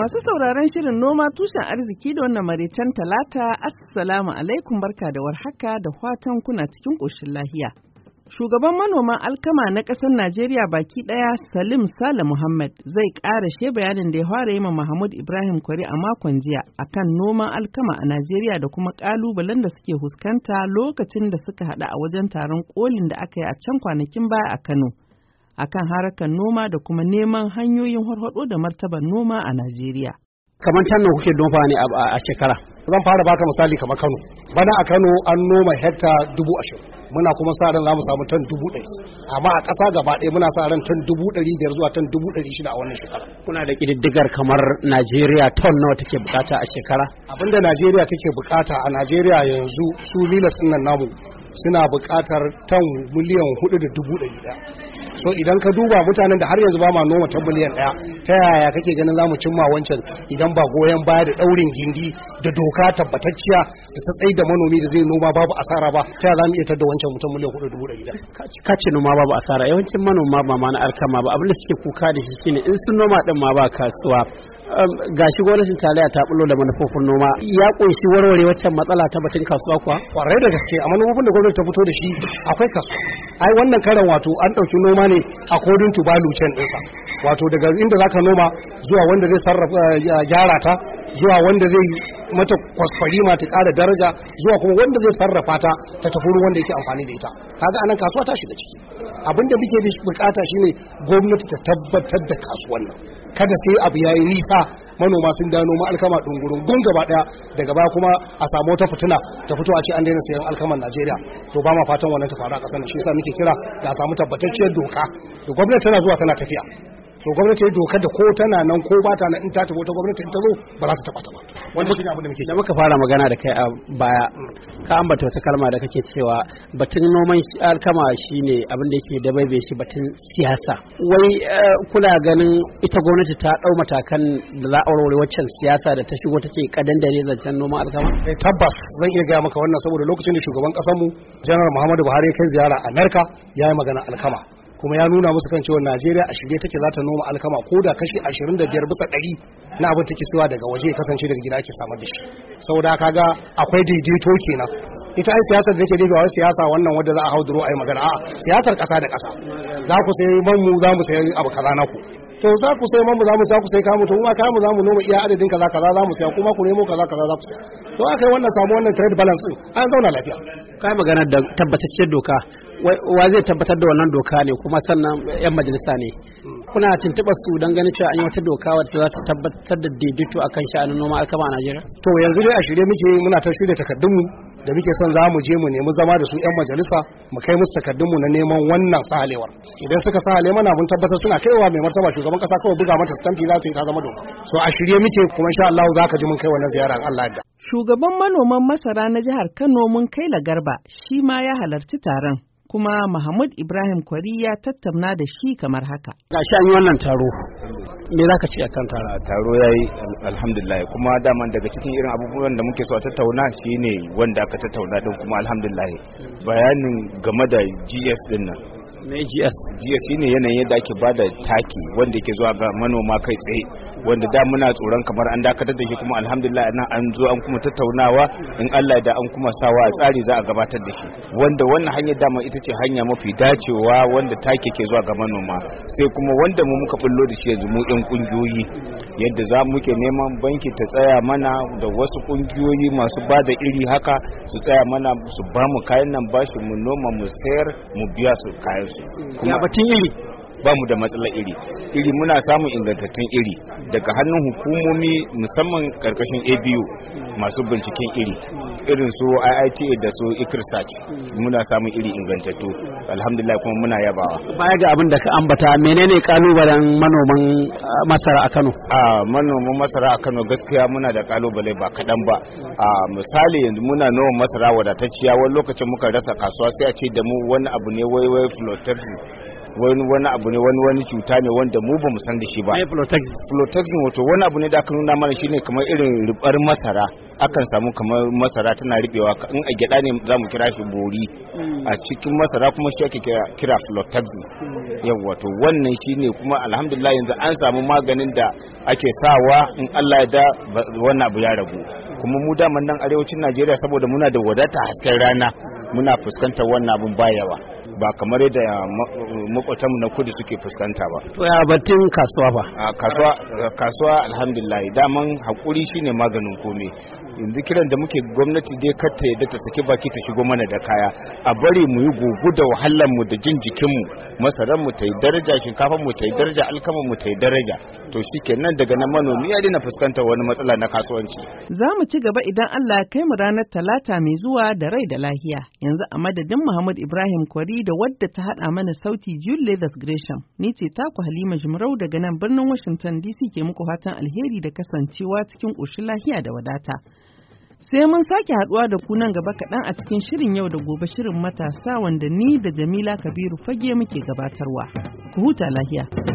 Masu sauraron shirin noma tushen arziki da wannan maraicen talata, Assalamu alaikum barka da warhaka da fatan kuna cikin ƙoshin lahiya. Shugaban manoman alkama na ƙasar Najeriya baki ɗaya Salim Sale Muhammad zai ƙara she bayanin da ya fara yi ma Mahmud Ibrahim Kwari a makon jiya akan noman alkama a Najeriya da kuma ƙalubalen da suke fuskanta lokacin da suka haɗu a wajen taron kolin da aka yi a can kwanakin baya a Kano. akan harkar noma da kuma neman hanyoyin harhaɗo da martabar noma a Najeriya. Kamar tan kuke noma ne a shekara? Zan fara baka misali kamar Kano. Bana a Kano an noma hekta dubu ashirin. muna kuma sa ran za mu samu tan dubu ɗari amma a ƙasa gaba ɗaya muna sa ran tan dubu ɗari biyar zuwa tan dubu ɗari shida a wannan shekara. kuna da ƙididdigar kamar najeriya ton nawa take bukata a shekara. abinda najeriya take bukata a najeriya yanzu su lilas ɗin nan namu suna buƙatar tan miliyan hudu da dubu ɗari ɗaya so idan ka duba mutanen da har yanzu ba ma noma ta miliyan ɗaya ta yaya kake ganin za mu cimma wancan idan ba goyon baya da ɗaurin gindi da doka tabbatacciya da ta tsaye da manomi da zai noma babu asara ba ta yaya za mu iya da wancan wancan mutum miliyan hudu dubu ɗari ka ce noma babu asara yawancin manoma ba ma na alkama ba abin da suke kuka da shi shine in sun noma din ma ba kasuwa um, gashi gwamnatin tarayya ta bulo da manufofin noma ya kunshi warware waccan matsala ta batun kasuwa kuwa kwarai da gaske a manufofin da gwamnati ta fito da shi akwai kasuwa ai wannan karan wato an ɗauki noma ne a kodin tubalu can ɗinsa wato daga inda zaka noma zuwa wanda zai sarrafa gyara ta zuwa wanda zai mata ma ta ƙara daraja zuwa kuma wanda zai sarrafa ta ta tafi ruwan da yake amfani da ita kaga anan kasuwa ta shiga ciki abin da muke bukata shine gwamnati ta tabbatar da kasuwar nan kada sai abu yayi nisa manoma sun da noma alkama dungurun gun gaba daya daga baya kuma a samu wata fitina ta fito a ce an daina sayan alkaman Najeriya to ba ma fatan wannan ta faru a kasar shi yasa muke kira da a samu tabbatacciyar doka da gwamnati tana zuwa tana tafiya to gwamnati dokar da ko tana nan ko ba ta nan in ta tabo ta gwamnati in ta zo ba za ta taba ba wani mutum abin da muke da muka fara magana da kai a baya ka ambata wata kalma da kake cewa batun noman alkama shine abin da yake bai shi batun siyasa wai eh, kula ganin ita gwamnati ta dau matakan da za a aure waccan siyasa da ta shigo take kadan dare zancen noman alkama eh tabbas zan iya ga maka wannan saboda lokacin da shugaban kasar mu general Muhammadu Buhari kai ziyara Amerika ya yi magana alkama kuma ya nuna musu kan cewa Najeriya a shirye take za ta noma alkama ko da kashi 25 bisa 100 na abin take siwa daga waje kasance daga gida ake samar da shi saboda kaga akwai daidaito kenan ita ai siyasar da ke dafi wani siyasa wannan wadda za a hauduro a yi magana a siyasar kasa da kasa za ku sai man mu za mu sayi abu kaza na ku to za ku sai mamu za mu sa ku sai kamu to kuma kamu za mu noma iya adadin kaza kaza za mu sai kuma ku nemo kaza kaza za ku sai to aka yi wannan samu wannan trade balance din an zauna lafiya kai magana da tabbatacciyar doka wa zai tabbatar da wannan doka ne kuma sannan yan majalisa ne kuna tuntuɓa su don gani cewa an yi wata doka wadda za ta tabbatar da daidaito akan sha'anin noma alkama a Najeriya? To yanzu dai a shirye muke muna ta shirya takardunmu da muke son za mu je mu nemi zama da su 'yan majalisa mu kai musu takardunmu na neman wannan sahalewar idan suka sahale mana mun tabbatar suna kaiwa mai martaba shugaban kasa kawai buga mata stamfi za su yi ta zama doka so a shirye muke kuma insha Allah za ka ji mun kai wannan ziyara Allah da shugaban manoman masara na jihar Kano mun kai la garba shi ma ya halarci taron kuma Mahmud Ibrahim Kwari ya tattauna da shi kamar haka. Gashi an yi wannan taro. Me za ka ce a kan taro? Taro ya yi alhamdulillah kuma daman daga cikin irin abubuwan da muke so a tattauna shine wanda aka tattauna din kuma alhamdulillah. Bayanin game da GS din nan me jiya jiya shine yanayin yadda ake ba da taki wanda yake zuwa ga manoma kai tsaye wanda da muna tsoron kamar an dakatar da shi kuma alhamdulillah nan an zo an kuma tattaunawa in Allah da an kuma sawa a tsari za a gabatar da shi wanda wannan hanyar dama ita ce hanya mafi dacewa wanda taki ke zuwa ga manoma sai kuma wanda mu muka bullo da shi yanzu mu yan kungiyoyi yadda za mu ke neman banki ta tsaya mana da wasu kungiyoyi masu ba da iri haka su tsaya mana su ba mu kayan nan bashi mu noma mu sayar mu biya su kayan su ya batun iri ba mu da matsalar iri iri muna samun ingantattun iri daga hannun hukumomi musamman karkashin abu masu binciken iri irin su IITA da su ICRSAT muna samun iri ingantattu alhamdulillah kuma muna yabawa baya ga abin da ka ambata menene kalubalen manoman ah, masara a Kano a ah, manoman masara a Kano gaskiya muna da kalubale ba kadan ba a ah, misali yanzu muna noman masara wadatacciya wani lokacin muka rasa kasuwa sai a ce da mu wani abu ne wai flotation wani wani abu ne wani wani cuta ne wanda mu ba mu san da shi ba flotoxin wato wani abu ne da aka nuna mana shine kamar irin ribar masara akan samu kamar masara tana ribewa in a gyada ne za mu kira shi bori hmm. a cikin masara kuma shi ake kira flotoxin hmm. yawa to wannan shine kuma alhamdulillah yanzu an samu maganin da ake sawa in Allah ya da wannan abu ya ragu kuma mu dama nan arewacin Najeriya saboda muna da wadata hasken rana muna fuskantar wannan abun bayawa ba kamar yadda makwatanmu na kudu suke fuskanta ba to ya batun kasuwa ba kasuwa kasuwa alhamdulillah daman hakuri shine maganin komai yanzu kiran da muke gwamnati dai kar ta yadda ta saki baki ta shigo mana da kaya a bari mu yi gugu da wahalar mu da jin jikin mu masaran mu ta yi daraja shinkafar mu ta yi daraja alkamar mu ta yi daraja to shikenan daga nan manomi ya dina fuskanta wani matsala na kasuwanci za mu ci gaba idan Allah ya kai mu ranar talata mai zuwa da rai da lahiya yanzu a madadin Muhammad Ibrahim Kwari da wadda ta haɗa mana sauti Jule Leathers Gresham, ni ce taku Halima jimrau daga nan birnin Washington DC ke muku fatan alheri da kasancewa cikin ƙoshin lahiya da wadata. Sai mun sake haɗuwa da ku nan gaba kaɗan a cikin shirin yau da gobe shirin matasa wanda ni da Jamila Kabiru fage muke gabatarwa. Ku huta lahiya.